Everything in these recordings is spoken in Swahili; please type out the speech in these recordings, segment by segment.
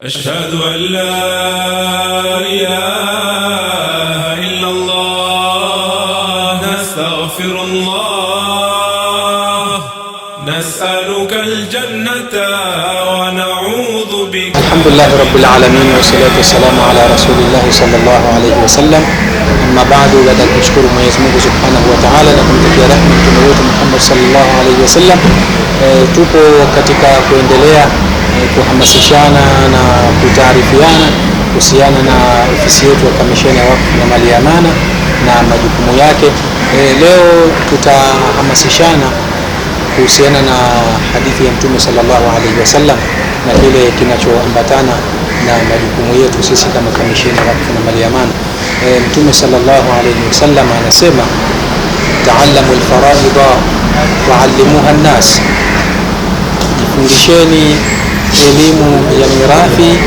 أشهد أن لا إله إلا الله نستغفر الله نسألك الجنة ونعوذ بك الحمد لله رب العالمين والصلاة والسلام على رسول الله صلى الله عليه وسلم أما بعد لدى أشكر ما يزمه سبحانه وتعالى لكم تكيرا من sallallahu alaihi wasallam. E, eh, tupo katika kuendelea e, kuhamasishana na kutaarifiana kuhusiana na ofisi yetu ya Kamisheni ya Wakfu na Mali ya Amana na majukumu yake. E, leo tutahamasishana kuhusiana na hadithi ya Mtume sallallahu alaihi wasallam na kile kinachoambatana na majukumu yetu sisi kama Kamisheni ya Wakfu na Mali ya Amana. E, Mtume sallallahu alaihi wasallam anasema, taallamu alfaraida waalimuha nnas, jifundisheni elimu ya mirathi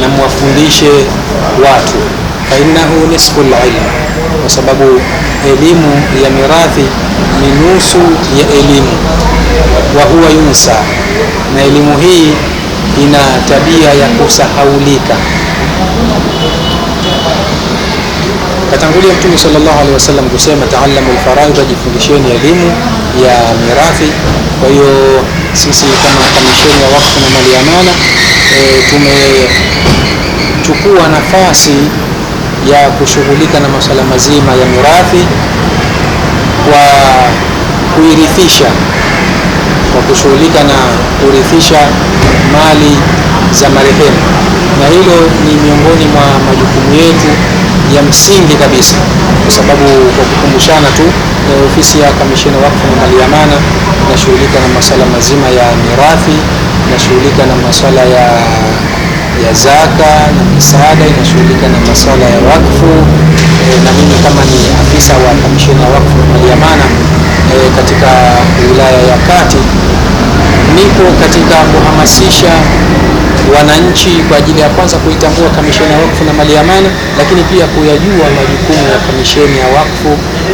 na mwafundishe watu, fainahu nisfu lilm kwa sababu elimu ya mirathi ni nusu ya elimu. Wa huwa yunsa, na elimu hii ina tabia ya kusahaulika. Katangulia Mtume sal llahu alehi wasallam kusema taalamu lfaraidha, jifundisheni elimu ya mirathi. Kwa hiyo sisi kama Kamisheni ya Wakfu na Mali ya Amana e, tumechukua nafasi ya kushughulika na masuala mazima ya mirathi kwa kuirithisha kwa kushughulika na kurithisha mali za marehemu, na hilo ni miongoni mwa majukumu yetu ya msingi kabisa, kwa sababu kwa kukumbushana tu, eh, ofisi ya kamishina wakfu na mali amana inashughulika na masuala mazima ya mirathi, inashughulika na masuala ya ya zaka na misaada, inashughulika na masuala ya wakfu e, na mimi kama ni afisa wa kamishina wakfu na mali amana e, eh, katika wilaya ya Kati nipo katika kuhamasisha wananchi kwa ajili ya kwanza kuitambua Kamisheni ya Wakfu na mali amana, lakini pia kuyajua majukumu ya Kamisheni ya Wakfu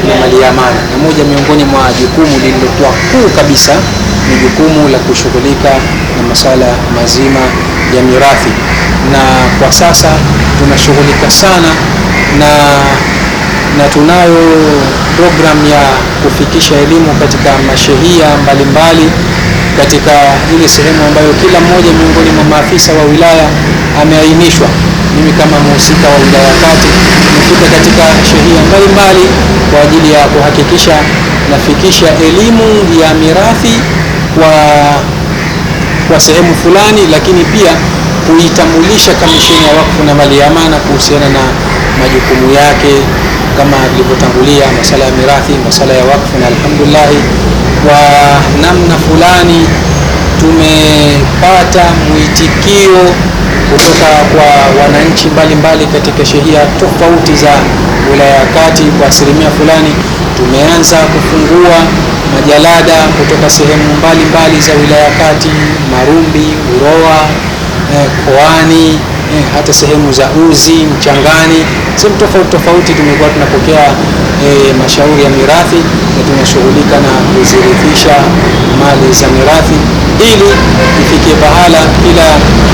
na mali amana. na moja miongoni mwa jukumu lililokuwa kuu kabisa ni jukumu la kushughulika na masuala mazima ya mirathi, na kwa sasa tunashughulika sana na na tunayo programu ya kufikisha elimu katika mashehia mbalimbali katika ile sehemu ambayo kila mmoja miongoni mwa maafisa wa wilaya ameainishwa. Mimi kama mhusika wa wilaya Kati nimefika katika sheria mbalimbali kwa ajili ya kuhakikisha nafikisha elimu ya mirathi kwa, kwa sehemu fulani, lakini pia kuitambulisha Kamisheni ya Wakfu na Mali ya Amana kuhusiana na majukumu yake kama ilivyotangulia, masala ya mirathi, masala ya wakfu, na alhamdulillah kwa namna fulani kupata mwitikio kutoka kwa wananchi mbalimbali katika shehia tofauti za wilaya ya Kati kwa asilimia fulani. Tumeanza kufungua majalada kutoka sehemu mbalimbali za wilaya ya Kati, Marumbi, Uroa, Koani eh, eh, hata sehemu za Uzi, Mchangani, sehemu tofauti tofauti tumekuwa tunapokea eh, mashauri ya mirathi na tunashughulika na kuzirithisha mali za mirathi ili ifikie pahala kila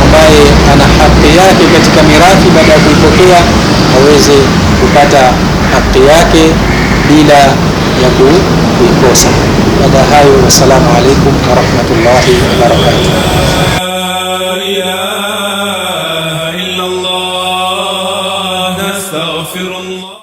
ambaye ana haki yake katika mirathi baada ya kuipokea aweze kupata haki yake bila ya kuikosa. Baada ya hayo, wassalamu alaikum warahmatullahi wabarakatuh.